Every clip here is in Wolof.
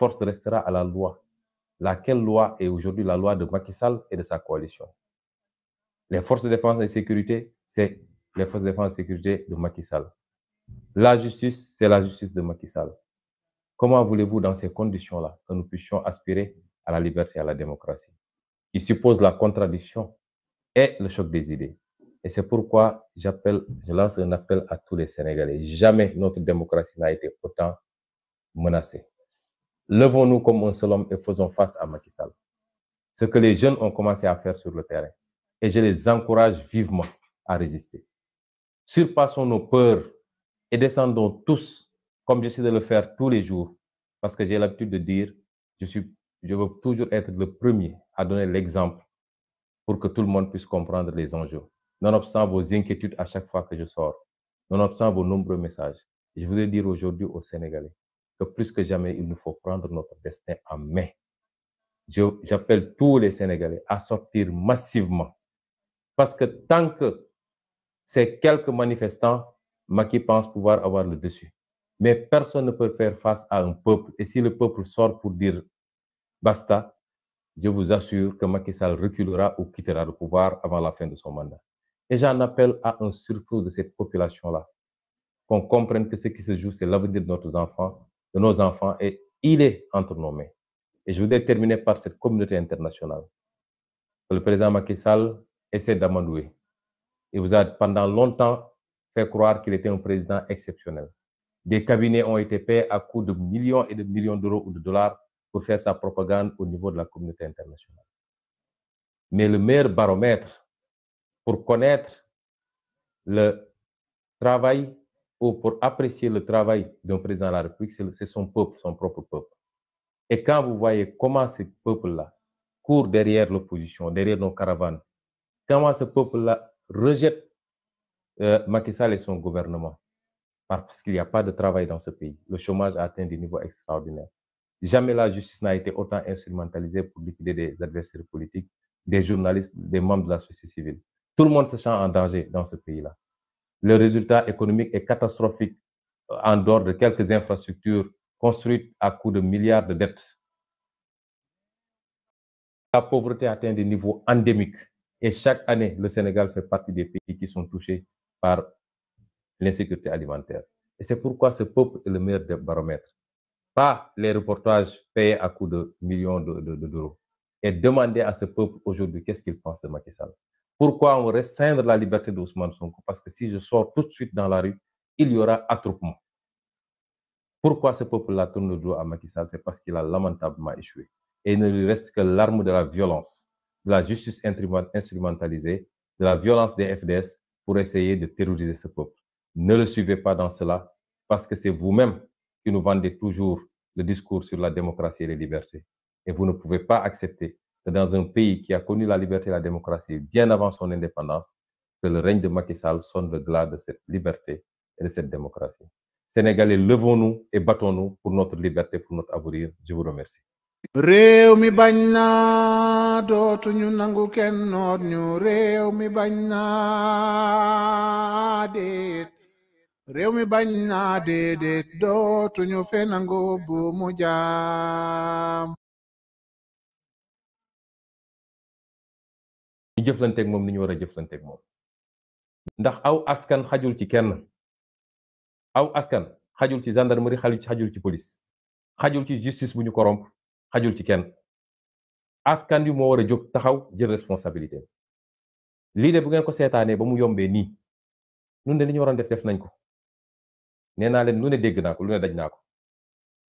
force restera à la loi. Laquelle loi est aujourd'hui la loi de Macky Sall et de sa coalition Les forces de défense et de sécurité, c'est les forces de défense et de sécurité de Macky Sall. La justice, c'est la justice de Macky Sall. Comment voulez-vous, dans ces conditions-là, que nous puissions aspirer à la liberté et à la démocratie Il suppose la contradiction et le choc des idées. Et c'est pourquoi j'appelle, je lance un appel à tous les Sénégalais. Jamais Levons-nous comme un seul homme et faisons face à Macky Ce que les jeunes ont commencé à faire sur le terrain. Et je les encourage vivement à résister. Surpassons nos peurs et descendons tous, comme j'essaie de le faire tous les jours, parce que j'ai l'habitude de dire, je, suis, veux toujours être le premier à donner l'exemple pour que tout le monde puisse comprendre les enjeux. Nonobstant vos inquiétudes à chaque fois que je sors, nonobstant vos nombreux messages, je voudrais que plus que jamais, il nous faut prendre notre destin en main. J'appelle tous les Sénégalais à sortir massivement. Parce que tant que ces quelques manifestants, Maki pense pouvoir avoir le dessus. Mais personne ne peut faire face à un peuple. Et si le peuple sort pour dire basta, je vous assure que Macky Sall reculera ou quittera le pouvoir avant la fin de son mandat. Et j'en appelle à un surtout de cette population-là, qu'on comprenne que ce qui se de nos enfants et il est entre nos mains. Et je voudrais terminer par cette communauté internationale que le président Macky Sall essaie d'amadouer. Il vous a pendant longtemps fait croire qu'il était un président exceptionnel. Des cabinets ont été payés à coût de millions et de millions d'euros ou de dollars pour faire sa propagande au niveau de la communauté internationale. Mais le meilleur baromètre pour connaître le travail ou pour apprécier le travail d'un président de la République, c'est son peuple, son propre peuple. Et quand vous voyez comment ce peuple-là court derrière l'opposition, derrière nos caravanes, comment ce peuple-là rejette euh, Macky et son gouvernement, parce qu'il n'y a pas de travail dans ce pays. Le chômage a atteint des niveaux extraordinaires. Jamais la justice n'a été autant instrumentalisée pour liquider des adversaires politiques, des journalistes, de la société civile. Tout le monde se sent en danger dans le résultat économique est catastrophique euh, en dehors de quelques infrastructures construites à coût de milliards de dettes. La pauvreté atteint des niveaux endémiques et chaque année, le Sénégal fait partie des pays qui sont touchés par l'insécurité alimentaire. Et c'est pourquoi ce peuple est le meilleur des baromètres. Pas les reportages payés à coût de millions d'euros. De, de, et demander à ce peuple aujourd'hui qu'est-ce qu'il pense de Macky Pourquoi on restreindre la liberté d'Ousmane Sonko Parce que si je sors tout de suite dans la rue, il y aura attroupement. Pourquoi ce peuple-là tourne le dos à Macky C'est parce qu'il a lamentablement échoué. Et ne lui reste que l'arme de la violence, de la justice instrumentalisée, de la violence des FDS pour essayer de terroriser ce peuple. Ne le suivez pas dans cela, parce que c'est vous-même qui nous vendez toujours le discours sur la démocratie et les libertés. Et que dans un pays qui a connu la liberté et la démocratie bien avant son indépendance, que le règne de Macky sonne le glas de cette liberté et de cette démocratie. Sénégalais, levons-nous et battons pour notre liberté, pour notre avenir. Je vous remercie. réew mi bañ naa dootuñu nangu kenn noot ñu réew mi bañ naa déet réew mi fe nangu bu mu ñu jëflanteeg moom ni ñu war a jëflanteeg moom ndax aw askan xajul ci kenn aw askan xajul ci gendarmerie xajul ci police xajul ci justice bu ñu corrompre xajul ci kenn askan wi moo war a jóg taxaw jël responsabilité lii de bu ngeen ko seetaanee ba mu yombee nii nun de li ñu waroon def def nañ ko nee naa leen lu ne dégg naa ko lu ne daj naa ko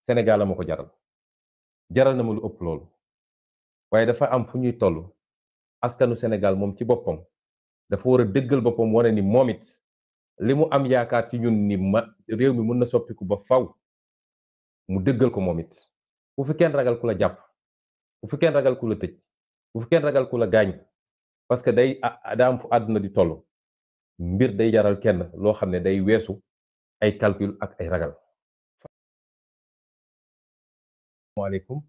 Sénégal ko jaral jaral na ma lu ëpp loolu waaye dafa am fu ñuy toll askanu Sénégal moom ci boppam dafa war a dëggal boppam wane ni moomit li mu am yaakaar ci ñun ni ma réew mi mën na soppiku ba faw mu dëggal ko moom it bu fi kenn ragal ku la jàpp bu fi kenn ragal ku la tëj bu fi kenn ragal ku la gaañ parce que day ah, ah, daa fu àdduna di toll mbir day jaral kenn loo xam ne day weesu ay calcul ak ay ragal. asalaamaaleykum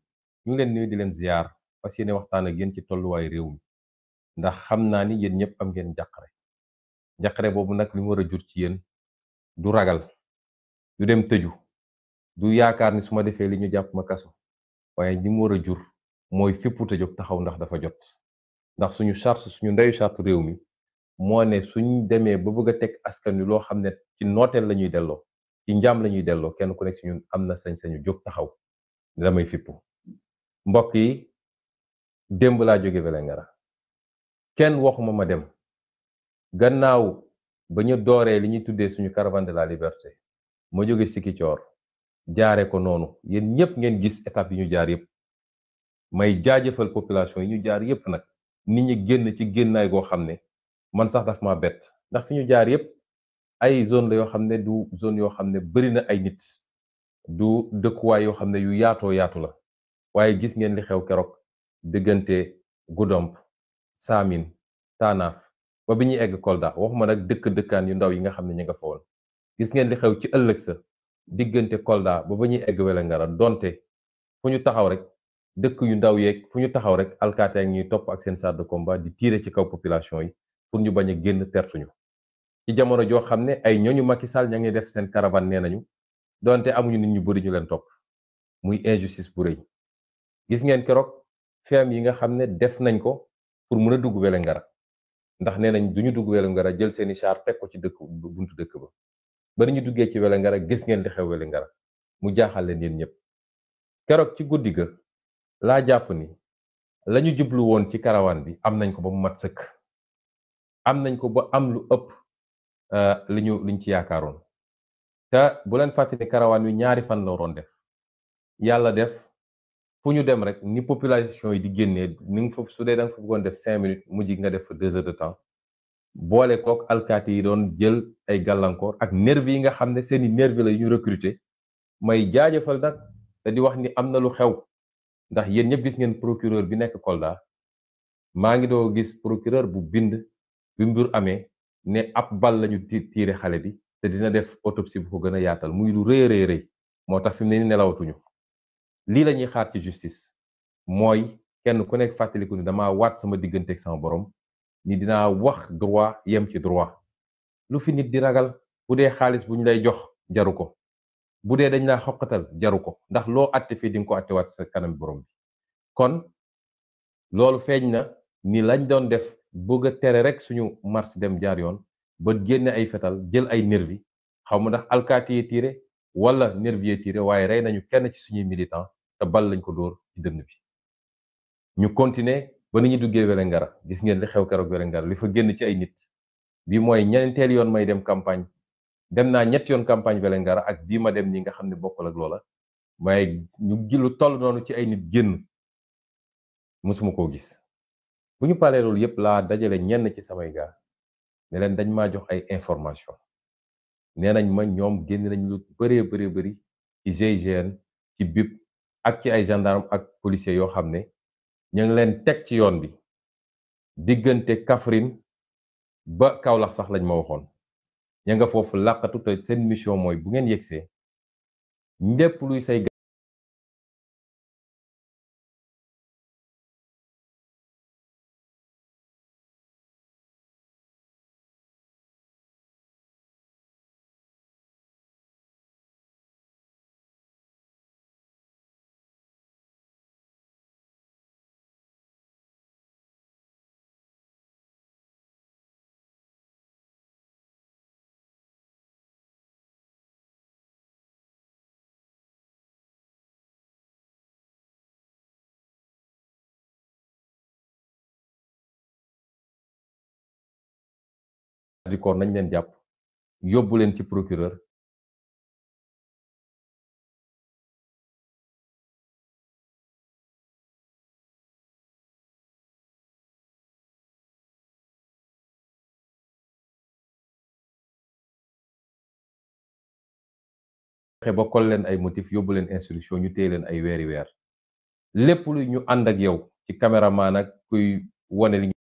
ñu ngi leen nuyu di leen ziar fas yéene waxtaan ak yéen ci tolluwaayu réew ndax xam naa ni yéen ñëpp am ngeen njàqare njàqare boobu nag li mu war a jur ci yéen du ragal du dem tëju du yaakaar ni su ma defee li ñu jàpp ma kaso waaye li mu war a jur mooy fippu te jóg taxaw ndax dafa jot ndax suñu charte suñu ndeyu charte réew mi moo ne suñ demee ba bëgg a teg askan wi loo xam ne ci nooteel la ñuy delloo ci njaam la ñuy delloo kenn ku nekk si ñun am na sañ-sañu jóg taxaw damay fippu mbokk yi démb laa jóge Vélingara kenn waxuma ma dem gannaaw ba ñu dooree li ñuy tuddee suñu caravane de la liberté ma jóge Sikicoor jaare ko noonu yéen ñëpp ngeen gis étape yi ñu jaar yëpp may jaajëfal population yi ñu jaar yëpp nag nit ñi génn ci génnaay goo xam ne man sax daf ma bett ndax fi ñu jaar yëpp ay zone la yoo xam ne du zone yoo xam ne bari na ay nit du dëkkuwaay yoo xam ne yu yaatoo yaatu la waaye gis ngeen li xew keroog diggante Goudomp saamin taanaaf ba bu ñu egg Kolda waxuma nag dëkk-dëkkaan yu ndaw yi nga xam ne ñu nga fa woon gis ngeen li xew ci ëllëg sa diggante Kolda ba ba ñuy egg Wélingara donte fu ñu taxaw rek dëkk yu ndaw yeeg fu ñu taxaw rek alkaate ak ñuy topp ak seen char de combat di tiire ci kaw population yi pour ñu bañ a génn tertuñu ci jamono joo xam ne ay ñooñu Macky Sall ña ngi def seen caravane nee nañu donte amuñu nit ñu bëri ñu leen topp muy injustice bu rëy gis ngeen keroog feem yi nga xam ne def nañ ko pour mun a dugg Wélingara ndax nee nañ du ñu dugg Wélingara jël seeni char teg ko ci dëkk buntu dëkk ba ba ñu duggee ci Wélingara gis ngeen di xew Wélingara mu jaaxal leen yéen ñëpp keroog ci guddi ga laa jàpp ni la ñu jublu woon ci karawaan bi am nañ ko ba mu mat sëkk am nañ ko ba am lu ëpp euh, li ñu liñ ci yaakaaroon te bu leen fàttali karawaan wi ñaari fan la waroon def yàlla def fu ñu dem rek ni population yi di génnee nu nga fa su dee da nga fa bëggoon def cinq minutes mujj nga def fa deux heures de temps boole kook alkaati yi doon jël ay gàllankoor ak nervi yi nga xam ne seeni nervi la yu ñu recruter may jaajëfal nag te di wax ni am na lu xew ndax yéen ñëpp gis ngeen procureur bi nekk Kolda maa ngi doo gis procureur bu bind bi mbir amee ne ab bal lañu tiire xale bi te dina def autopsie bu ko gën a yaatal muy lu rëy rëy moo tax fi mu ne nelawatuñu lii la ñuy xaar ci justice mooy kenn ku nekk fàttaliku ni damaa waat sama digganteeg sama borom ni dinaa wax droit yem ci droit lu fi nit di ragal bu dee xaalis bu lay jox jaru ko bu dee dañ laa xoqatal jaru ko ndax loo atte fii di nga ko attewaat sa kanam borom bi kon loolu feeñ na ni lañ doon def bëgg a tere rek suñu marche dem jaar yoon ba génne ay fetal jël ay nervi xaw ma ndax alkaati yi tiire wala nervi yi tiire waaye rey nañu kenn ci suñuy militant te bal lañ ko dóor ci dënn bi ñu continuer ba ni ñu duggee Wélingara gis ngeen li xew keroog Wélingara li fa génn ci ay nit bi mooy ñeenteel yoon may dem campagne dem naa ñett yoon campagne Wélingara ak bii ma dem ñi nga xam ne bokkul ak loola waaye ñu gilu toll noonu ci ay nit génn mosuma koo gis bu ñu paree loolu yëpp laa dajale ñenn ci samay gaa ne dañ maa jox ay information nee nañ ma ñoom génn nañ lu bëree bëree bari ci GIGN ci BIP ak ci ay gendarme ak policier yoo xam ne ñu ngi leen teg ci yoon bi diggante Kaffrine ba Kaolack sax lañ ma waxoon ña nga foofu làqatu te seen mission mooy bu ngeen yegsee ndépp luy say du corps nañ leen jàpp yóbbu leen ci procureur fexe ba kol leen ay motif yóbbu leen instruction ñu téye leen ay weeri weer lépp lu ñu ànd ak yow ci caméraman ak kuy wane li